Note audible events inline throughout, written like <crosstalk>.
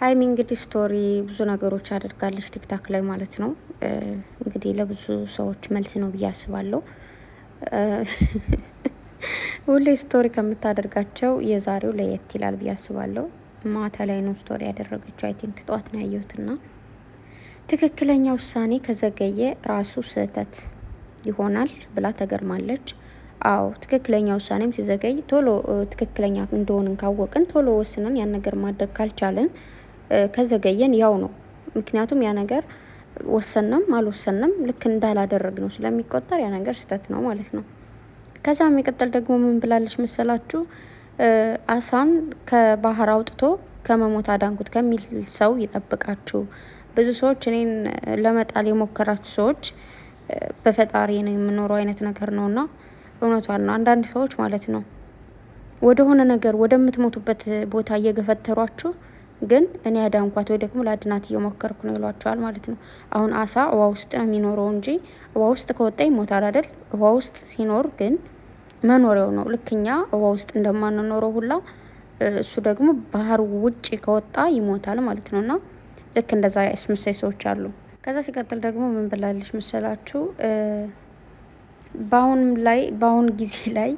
ሀይሚ እንግዲህ ስቶሪ ብዙ ነገሮች አድርጋለች ቲክታክ ላይ ማለት ነው። እንግዲህ ለብዙ ሰዎች መልስ ነው ብዬ አስባለሁ። ሁሌ ስቶሪ ከምታደርጋቸው የዛሬው ለየት ይላል ብዬ አስባለሁ። ማታ ላይ ነው ስቶሪ ያደረገችው፣ አይ ቲንክ ጠዋት ነው ያየሁትና ትክክለኛ ውሳኔ ከዘገየ ራሱ ስህተት ይሆናል ብላ ተገርማለች። አዎ ትክክለኛ ውሳኔም ሲዘገይ ቶሎ ትክክለኛ እንደሆንን ካወቅን ቶሎ ወስነን ያን ነገር ማድረግ ካልቻለን ከዘገየን ያው ነው። ምክንያቱም ያ ነገር ወሰንም አልወሰንም ልክ እንዳላደረግ ነው ስለሚቆጠር ያ ነገር ስህተት ነው ማለት ነው። ከዛ የሚቀጥል ደግሞ ምን ብላለች መሰላችሁ? አሳን ከባህር አውጥቶ ከመሞት አዳንኩት ከሚል ሰው ይጠብቃችሁ። ብዙ ሰዎች እኔን ለመጣል የሞከራችሁ ሰዎች በፈጣሪ ነው የምኖረው አይነት ነገር ነው እና እውነቷ ነው። አንዳንድ ሰዎች ማለት ነው ወደሆነ ነገር ወደምትሞቱበት ቦታ እየገፈተሯችሁ ግን እኔ ያዳንኳት ወይ ደግሞ ለአድናት እየሞከርኩ ነው ይሏቸዋል ማለት ነው። አሁን አሳ ውሃ ውስጥ ነው የሚኖረው እንጂ ውሃ ውስጥ ከወጣ ይሞታል አይደል? ውሃ ውስጥ ሲኖር ግን መኖሪያው ነው። ልክኛ እኛ ውሃ ውስጥ እንደማንኖረው ሁላ እሱ ደግሞ ባህር ውጭ ከወጣ ይሞታል ማለት ነው። እና ልክ እንደዛ ያስመሳይ ሰዎች አሉ። ከዛ ሲቀጥል ደግሞ ምን ብላለች መሰላችሁ በአሁን ላይ በአሁን ጊዜ ላይ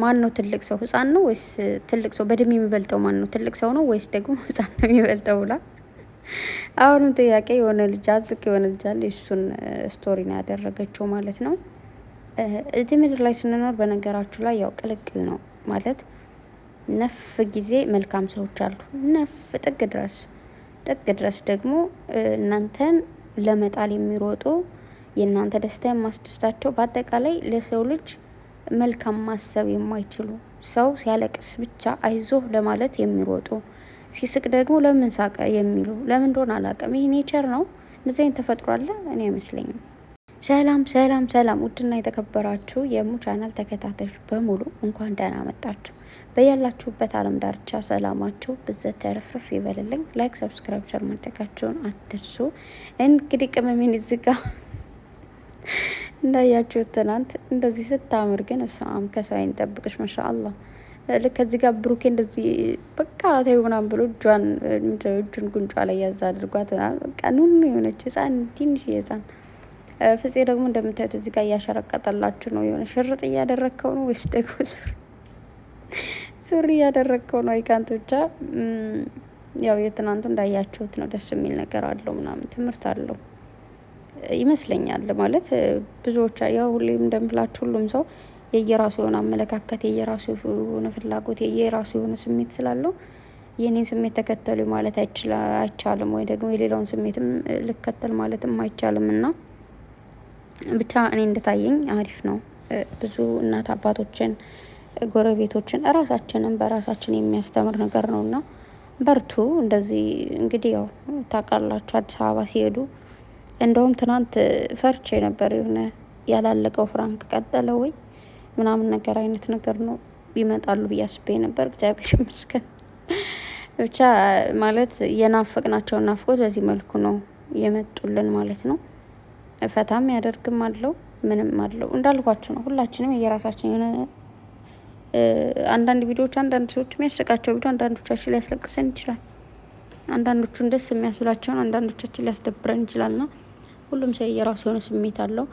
ማን ነው ትልቅ ሰው ህፃን ነው ወይስ ትልቅ ሰው በእድሜ የሚበልጠው ማን ነው ትልቅ ሰው ነው ወይስ ደግሞ <laughs> ህፃን ነው የሚበልጠው ብላ <laughs> አሁንም ጥያቄ የሆነ ልጅ አዝቅ የሆነ ልጅ አለ እሱን ስቶሪ ነው ያደረገችው ማለት ነው እዚህ ምድር ላይ ስንኖር በነገራችሁ ላይ ያው ቅልቅል ነው ማለት ነፍ ጊዜ መልካም ሰዎች አሉ ነፍ ጥግ ድረስ ጥግ ድረስ ደግሞ እናንተን ለመጣል የሚሮጡ የእናንተ ደስታ የማስደስታቸው በአጠቃላይ ለሰው ልጅ መልካም ማሰብ የማይችሉ ሰው ሲያለቅስ ብቻ አይዞህ ለማለት የሚሮጡ ሲስቅ ደግሞ ለምን ሳቀ የሚሉ ለምን እንደሆነ አላውቅም። ይህ ኔቸር ነው። እንደዚህ ተፈጥሮ አለ? እኔ አይመስለኝም። ሰላም ሰላም ሰላም! ውድና የተከበራችሁ የሙ ቻናል ተከታታዮች በሙሉ እንኳን ደህና መጣችሁ። በያላችሁበት አለም ዳርቻ ሰላማችሁ ብዘት ተረፍርፍ ይበልልኝ። ላይክ፣ ሰብስክራይብ፣ ሸር ማድረጋችሁን አትርሱ። እንግዲህ ቅመሜን እዚህ እንዳያችሁት ትናንት እንደዚህ ስታምር ግን እሷም ከሰው አይን ጠብቅሽ ማሻ አላህ። ልክ ከዚህ ጋር ብሩኬ እንደዚህ በቃ ተይው ምናምን ብሎ እጇን እጁን ጉንጯ ላይ ያዝ አድርጓት ምናምን በቃ ኑኑ የሆነች ህፃን ትንሽ የህፃን ፍጼ ደግሞ እንደምታዩት እዚህ ጋር እያሸረቀጠላችሁ ነው። የሆነ ሽርጥ እያደረግከው ነው ወይስ ደግሞ ሱሪ እያደረግከው ነው? አይካንት ብቻ ያው የትናንቱ እንዳያችሁት ነው። ደስ የሚል ነገር አለው ምናምን ትምህርት አለው። ይመስለኛል። ማለት ብዙዎች ያው ሁሌም እንደምላችሁ ሁሉም ሰው የየራሱ የሆነ አመለካከት፣ የየራሱ የሆነ ፍላጎት፣ የየራሱ የሆነ ስሜት ስላለው የኔን ስሜት ተከተሉ ማለት አይቻልም፣ ወይ ደግሞ የሌላውን ስሜትም ልከተል ማለትም አይቻልም። እና ብቻ እኔ እንደታየኝ አሪፍ ነው። ብዙ እናት አባቶችን፣ ጎረቤቶችን እራሳችንን በራሳችን የሚያስተምር ነገር ነው እና በርቱ። እንደዚህ እንግዲህ ያው ታውቃላችሁ አዲስ አበባ ሲሄዱ እንደውም ትናንት ፈርቼ ነበር። የሆነ ያላለቀው ፍራንክ ቀጠለ ወይ ምናምን ነገር አይነት ነገር ነው ይመጣሉ ብዬ አስቤ ነበር። እግዚአብሔር ይመስገን ብቻ ማለት የናፈቅናቸው ናፍቆት በዚህ መልኩ ነው የመጡልን ማለት ነው። ፈታም ያደርግም አለው ምንም አለው እንዳልኳቸው ነው። ሁላችንም የየራሳችን የሆነ አንዳንድ ቪዲዮዎች አንዳንድ ሰዎች የሚያስቃቸው ቪዲዮ አንዳንዶቻችን ሊያስለቅሰን ይችላል። አንዳንዶቹን ደስ የሚያስብላቸውን አንዳንዶቻችን ሊያስደብረን ይችላል ና ሁሉም ሰው የራሱ የሆነ ስሜት አለው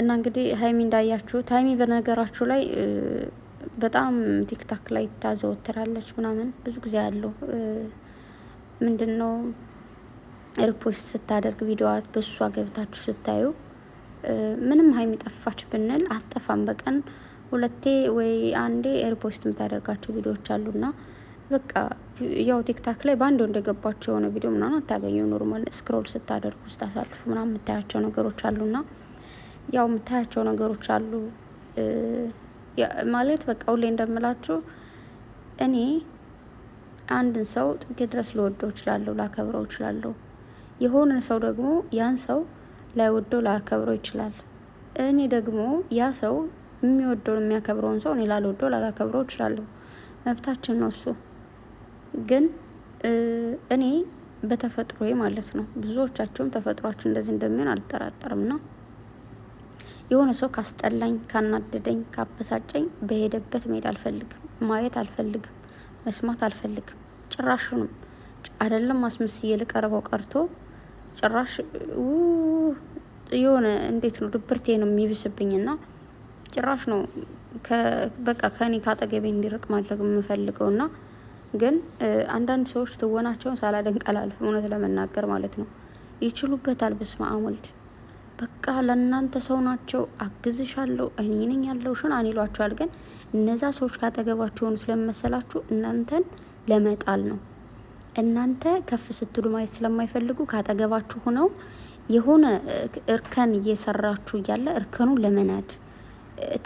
እና እንግዲህ ሀይሚ እንዳያችሁት ሀይሚ በነገራችሁ ላይ በጣም ቲክታክ ላይ ታዘወትራለች ምናምን ብዙ ጊዜ አለው ምንድን ነው ሪፖስት ስታደርግ ቪዲዮዋት በሷ ገብታችሁ ስታዩ ምንም ሀይሚ ጠፋች ብንል አትጠፋም። በቀን ሁለቴ ወይ አንዴ ሪፖስት የምታደርጋቸው ቪዲዮዎች አሉና በቃ ያው ቲክታክ ላይ በአንድ እንደገባቸው የሆነ ቪዲዮ ምናምን አታገኘው። ኖርማል ስክሮል ስታደርጉ ስታሳልፉ ምናምን የምታያቸው ነገሮች አሉና ያው የምታያቸው ነገሮች አሉ ማለት በቃ ሁሌ እንደምላችሁ እኔ አንድን ሰው ጥግ ድረስ ልወደው እችላለሁ፣ ላከብረው እችላለሁ። የሆነ ሰው ደግሞ ያን ሰው ላይወደው ላከብረው ይችላል። እኔ ደግሞ ያ ሰው የሚወደውን የሚያከብረውን ሰው እኔ ላልወደው ላላከብረው እችላለሁ። መብታችን ነው እሱ። ግን እኔ በተፈጥሮዬ ማለት ነው ብዙዎቻችሁም ተፈጥሯችሁ እንደዚህ እንደሚሆን አልጠራጠርም ና የሆነ ሰው ካስጠላኝ፣ ካናደደኝ፣ ካበሳጨኝ በሄደበት መሄድ አልፈልግም፣ ማየት አልፈልግም፣ መስማት አልፈልግም። ጭራሹንም አይደለም አስመስዬ ልቀርበው ቀርቶ ጭራሽ የሆነ እንዴት ነው ድብርቴ ነው የሚብስብኝና ጭራሽ ነው በቃ ከኔ ከአጠገቤ እንዲርቅ ማድረግ የምፈልገውና ግን አንዳንድ ሰዎች ትወናቸውን ሳላደንቅ አላልፍም። እውነት ለመናገር ማለት ነው ይችሉበታል። በስመ አብ ወልድ በቃ ለእናንተ ሰው ናቸው። አግዝሻለሁ እኔ ነኝ ሽን አኔሏቸዋል። ግን እነዛ ሰዎች ካጠገባችሁ ሆኑ ስለመሰላችሁ እናንተን ለመጣል ነው። እናንተ ከፍ ስትሉ ማየት ስለማይፈልጉ ካጠገባችሁ ሆነው የሆነ እርከን እየሰራችሁ እያለ እርከኑ ለመናድ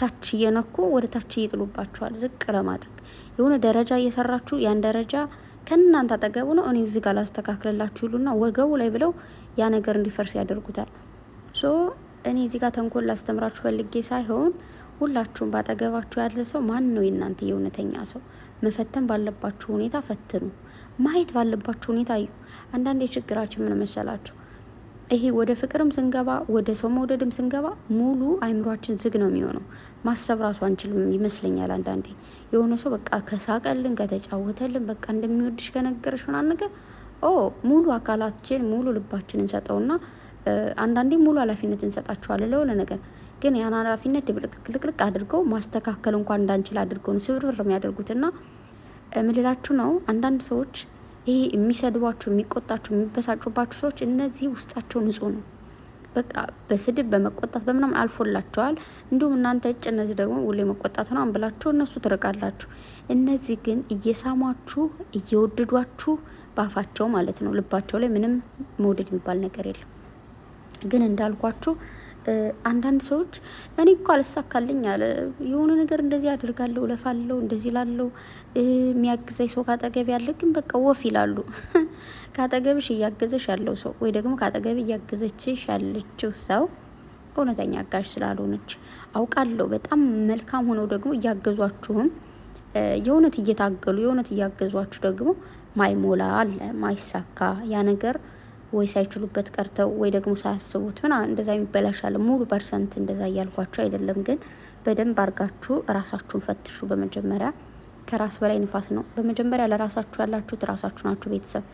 ታች እየነኩ ወደ ታች እየጥሉባቸዋል። ዝቅ ለማድረግ የሆነ ደረጃ እየሰራችሁ ያን ደረጃ ከእናንተ አጠገቡ ነው እኔ እዚህ ጋር ላስተካክልላችሁ ይሉና ወገቡ ላይ ብለው ያ ነገር እንዲፈርስ ያደርጉታል። ሶ እኔ እዚህ ጋር ተንኮል ላስተምራችሁ ፈልጌ ሳይሆን ሁላችሁም ባጠገባችሁ ያለ ሰው ማን ነው የእናንተ የእውነተኛ ሰው? መፈተን ባለባችሁ ሁኔታ ፈትኑ። ማየት ባለባችሁ ሁኔታ እዩ። አንዳንዴ ችግራችን ምን መሰላችሁ ይሄ ወደ ፍቅርም ስንገባ ወደ ሰው መውደድም ስንገባ ሙሉ አይምሯችን ዝግ ነው የሚሆነው። ማሰብ ራሱ አንችልም ይመስለኛል አንዳንዴ። የሆነ ሰው በቃ ከሳቀልን ከተጫወተልን በቃ እንደሚወድሽ ከነገረሽ ሆና ነገር ኦ ሙሉ አካላችን ሙሉ ልባችን እንሰጠውና አንዳንዴ ሙሉ ኃላፊነት እንሰጣቸዋለን ለሆነ ነገር ግን ያን ኃላፊነት ድብልቅልቅልቅ አድርገው ማስተካከል እንኳን እንዳንችል አድርገው ነው ስብርብር የሚያደርጉትና ምልላችሁ ነው አንዳንድ ሰዎች ይሄ የሚሰድቧችሁ፣ የሚቆጣችሁ፣ የሚበሳጩባችሁ ሰዎች እነዚህ ውስጣቸው ንጹህ ነው። በቃ በስድብ በመቆጣት በምናምን አልፎላቸዋል። እንዲሁም እናንተ እጭ እነዚህ ደግሞ ሁሌ መቆጣት ነው አንብላችሁ እነሱ ትርቃላችሁ። እነዚህ ግን እየሳሟችሁ እየወደዷችሁ ባፋቸው ማለት ነው። ልባቸው ላይ ምንም መውደድ የሚባል ነገር የለም። ግን እንዳልኳችሁ አንዳንድ ሰዎች እኔ እኮ አልሳካልኝ አለ የሆነ ነገር እንደዚህ አድርጋለሁ፣ እለፋለሁ፣ እንደዚህ ላለው የሚያግዘኝ ሰው ካጠገብ ያለ ግን በቃ ወፍ ይላሉ። <laughs> ካጠገብሽ እያገዘሽ ያለው ሰው ወይ ደግሞ ካጠገብ እያገዘችሽ ያለችው ሰው እውነተኛ አጋዥ ስላልሆነች አውቃለሁ። በጣም መልካም ሆነው ደግሞ እያገዟችሁም የእውነት እየታገሉ የእውነት እያገዟችሁ ደግሞ ማይሞላ አለ ማይሳካ ያ ነገር ወይ ሳይችሉበት ቀርተው ወይ ደግሞ ሳያስቡት ምናምን እንደዛ የሚበላሻል። ሙሉ ፐርሰንት እንደዛ እያልኳቸው አይደለም፣ ግን በደንብ አርጋችሁ ራሳችሁን ፈትሹ። በመጀመሪያ ከራስ በላይ ንፋስ ነው። በመጀመሪያ ለራሳችሁ ያላችሁት ራሳችሁ ናችሁ። ቤተሰብ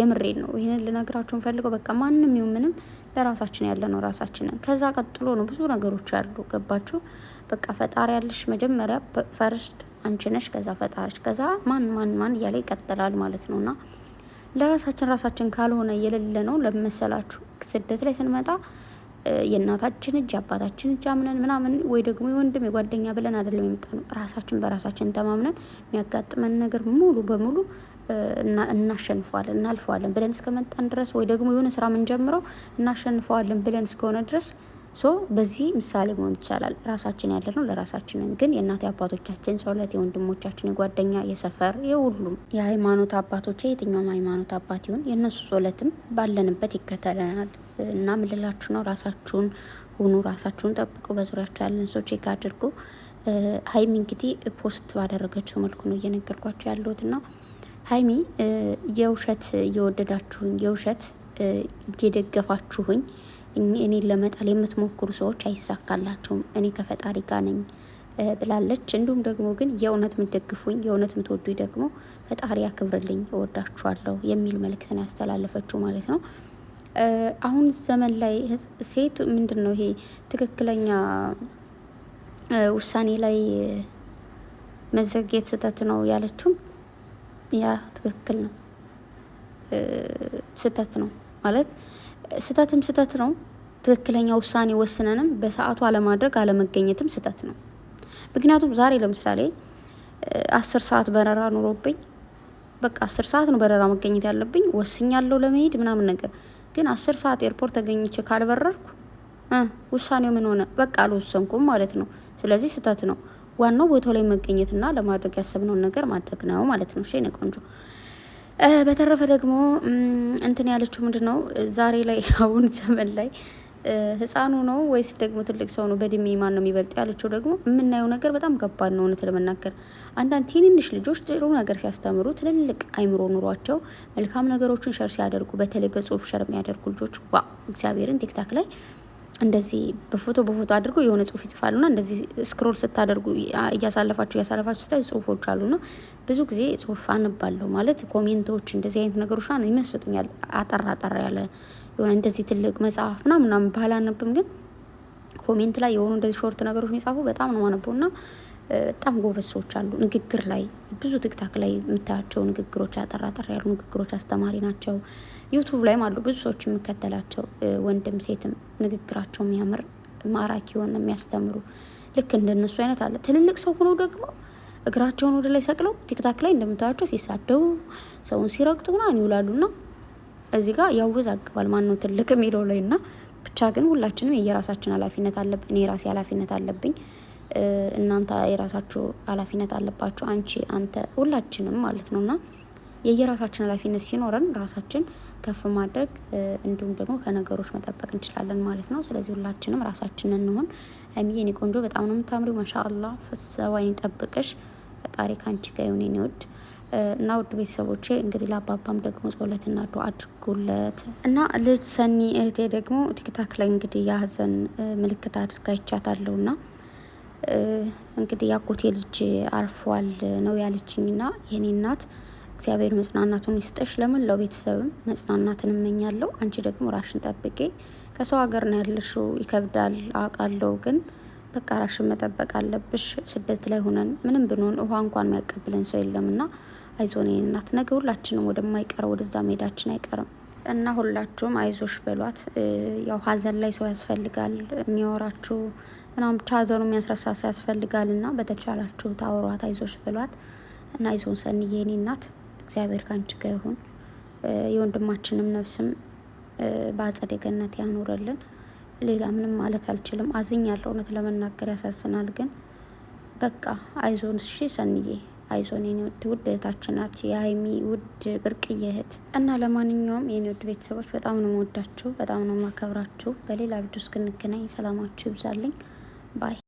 የምሬን ነው ይህንን ልነግራችሁ ፈልገው። በቃ ማንም ይሁን ምንም ለራሳችን ያለ ነው ራሳችንን። ከዛ ቀጥሎ ነው ብዙ ነገሮች ያሉ። ገባችሁ? በቃ ፈጣሪ ያለሽ መጀመሪያ ፈርስት አንቺ ነሽ፣ ከዛ ፈጣሪች፣ ከዛ ማን ማን ማን እያለ ይቀጥላል ማለት ነውና ለራሳችን ራሳችን ካልሆነ የሌለ ነው ለመሰላችሁ። ስደት ላይ ስንመጣ የእናታችን እጅ አባታችን እጅ አምነን ምናምን ወይ ደግሞ የወንድም የጓደኛ ብለን አይደለም የመጣ ነው። ራሳችን በራሳችን ተማምነን የሚያጋጥመን ነገር ሙሉ በሙሉ እናሸንፈዋለን እናልፈዋለን ብለን እስከመጣን ድረስ ወይ ደግሞ የሆነ ስራ ምንጀምረው እናሸንፈዋለን ብለን እስከሆነ ድረስ ሶ በዚህ ምሳሌ መሆን ይቻላል። ራሳችን ያለ ነው ለራሳችንን ግን የእናት አባቶቻችን ሰውለት፣ የወንድሞቻችን፣ የጓደኛ፣ የሰፈር፣ የሁሉም የሃይማኖት አባቶች የትኛውም ሃይማኖት አባት ይሁን የእነሱ ሰውለትም ባለንበት ይከተለናል እና ምልላችሁ ነው። ራሳችሁን ሁኑ፣ ራሳችሁን ጠብቁ፣ በዙሪያችሁ ያለን ሰው ቼክ አድርጉ። ሀይሚ እንግዲህ ፖስት ባደረገችው መልኩ ነው እየነገርኳቸው ያለሁት እና ሀይሚ የውሸት እየወደዳችሁኝ የውሸት እየደገፋችሁኝ እኔን ለመጣል የምትሞክሩ ሰዎች አይሳካላቸውም፣ እኔ ከፈጣሪ ጋር ነኝ ብላለች። እንዲሁም ደግሞ ግን የእውነት የምትደግፉኝ የእውነት የምትወዱኝ ደግሞ ፈጣሪ ያክብርልኝ፣ እወዳችኋለሁ የሚል መልእክትን ያስተላለፈችው ማለት ነው። አሁን ዘመን ላይ ሴት ምንድን ነው ይሄ ትክክለኛ ውሳኔ ላይ መዘግየት ስህተት ነው ያለችው። ያ ትክክል ነው፣ ስህተት ነው ማለት ስህተትም ስህተት ነው። ትክክለኛ ውሳኔ ወስነንም በሰዓቱ አለማድረግ አለመገኘትም ስህተት ነው። ምክንያቱም ዛሬ ለምሳሌ አስር ሰዓት በረራ ኑሮብኝ በቃ አስር ሰዓት ነው በረራ መገኘት ያለብኝ ወስኛለሁ ለመሄድ ምናምን ነገር ግን አስር ሰዓት ኤርፖርት ተገኝቼ ካልበረርኩ ውሳኔው ምን ሆነ? በቃ አልወሰንኩም ማለት ነው። ስለዚህ ስህተት ነው። ዋናው ቦታው ላይ መገኘትና ለማድረግ ያሰብነውን ነገር ማድረግ ነው ማለት ነው። እሺ ቆንጆ በተረፈ ደግሞ እንትን ያለችው ምንድን ነው ዛሬ ላይ <laughs> አሁን ዘመን ላይ ህፃኑ ነው ወይስ ደግሞ ትልቅ ሰው ነው በእድሜ ማን ነው የሚበልጠው? ያለችው ደግሞ የምናየው ነገር በጣም ከባድ ነው። እውነት ለመናገር አንዳንድ ትንንሽ ልጆች ጥሩ ነገር ሲያስተምሩ ትልልቅ አይምሮ ኑሯቸው መልካም ነገሮችን ሸር ሲያደርጉ፣ በተለይ በጽሁፍ ሸር የሚያደርጉ ልጆች ዋ እግዚአብሔርን ቲክታክ ላይ እንደዚህ በፎቶ በፎቶ አድርጎ የሆነ ጽሁፍ ና እንደዚህ ስክሮል ስታደርጉ እያሳለፋችሁ እያሳለፋችሁ ስታዩ ጽሁፎች ና ብዙ ጊዜ ጽሁፍ አንባለሁ ማለት ኮሜንቶች፣ እንደዚህ አይነት ነገሮች ና ይመስጡኛል። አጠር አጠር ያለ የሆነ እንደዚህ ትልቅ መጽሐፍ ና ምናምን ባህል አነብም፣ ግን ኮሜንት ላይ የሆኑ እንደዚህ ሾርት ነገሮች የሚጻፉ በጣም ነው ማነበው ና በጣም ጎበሶች ሰዎች አሉ። ንግግር ላይ ብዙ ቲክታክ ላይ የምታያቸው ንግግሮች አጠራጠር ያሉ ንግግሮች አስተማሪ ናቸው። ዩቱብ ላይም አሉ ብዙ ሰዎች የሚከተላቸው ወንድም ሴትም ንግግራቸው የሚያምር ማራኪ የሆነ የሚያስተምሩ ልክ እንደነሱ አይነት አለ። ትልልቅ ሰው ሆኖ ደግሞ እግራቸውን ወደ ላይ ሰቅለው ቲክታክ ላይ እንደምታያቸው ሲሳደቡ ሰውን ሲረግጡ ምናምን ይውላሉና እዚህ ጋር ያወዛግባል ማን ነው ትልቅ የሚለው ላይ እና ብቻ ግን ሁላችንም የየራሳችን ኃላፊነት አለብን። እኔ ራሴ ኃላፊነት አለብኝ። እናንተ የራሳችሁ ኃላፊነት አለባችሁ። አንቺ፣ አንተ፣ ሁላችንም ማለት ነው እና የየራሳችን ኃላፊነት ሲኖረን ራሳችን ከፍ ማድረግ እንዲሁም ደግሞ ከነገሮች መጠበቅ እንችላለን ማለት ነው። ስለዚህ ሁላችንም ራሳችን እንሆን። ሀይሚዬ የኔ ቆንጆ በጣም ነው የምታምሪው። ማሻአላህ ፍሰዋይን ይጠብቅሽ ፈጣሪ ከአንቺ ጋር ይሁን የኔ ውድ እና ውድ ቤተሰቦቼ እንግዲህ ለአባባም ደግሞ ጸሎትና ዱዓ አድርጉለት እና ልጅ ሰኒ እህቴ ደግሞ ቲክታክ ላይ እንግዲህ የሀዘን ምልክት አድርጋ ይቻታለሁ ና እንግዲህ ያጎቴ ልጅ አርፏል ነው ና የኔ እናት እግዚአብሔር መጽናናቱን ይስጠሽ። ለመላው ቤተሰብም መጽናናትን እመኛለሁ። አንቺ ደግሞ ራሽን ጠብቄ ከሰው ሀገር ነው ያለሽው፣ ይከብዳል አውቃለሁ፣ ግን በቃ ራሽን መጠበቅ አለብሽ። ስደት ላይ ሆነን ምንም ብንሆን ውሃ እንኳን የሚያቀብለን ሰው የለምና አይዞን የኔ እናት። ነገ ሁላችንም ወደማይቀረው ወደዛ መሄዳችን አይቀርም። እና ሁላችሁም አይዞሽ በሏት። ያው ሀዘን ላይ ሰው ያስፈልጋል የሚያወራችሁ ምናምን፣ ብቻ ሀዘኑ የሚያስረሳ ሰው ያስፈልጋል እና በተቻላችሁ ታወሯት፣ አይዞሽ በሏት እና አይዞን ሰንዬ የኔ እናት እግዚአብሔር ከአንቺ ጋ ይሁን። የወንድማችንም ነፍስም በአጸደ ገነት ያኖረልን። ሌላ ምንም ማለት አልችልም። አዝኛለሁ። እውነት ለመናገር ያሳዝናል። ግን በቃ አይዞን እሺ ሰንዬ አይዞን የኔ ውድ ውድ እህታችን ናት የሀይሚ ውድ ብርቅዬ እህት እና ለማንኛውም የኔ ውድ ቤተሰቦች በጣም ነው መወዳችሁ፣ በጣም ነው ማከብራችሁ። በሌላ ቪዲዮ እስክንገናኝ ሰላማችሁ ይብዛልኝ ባይ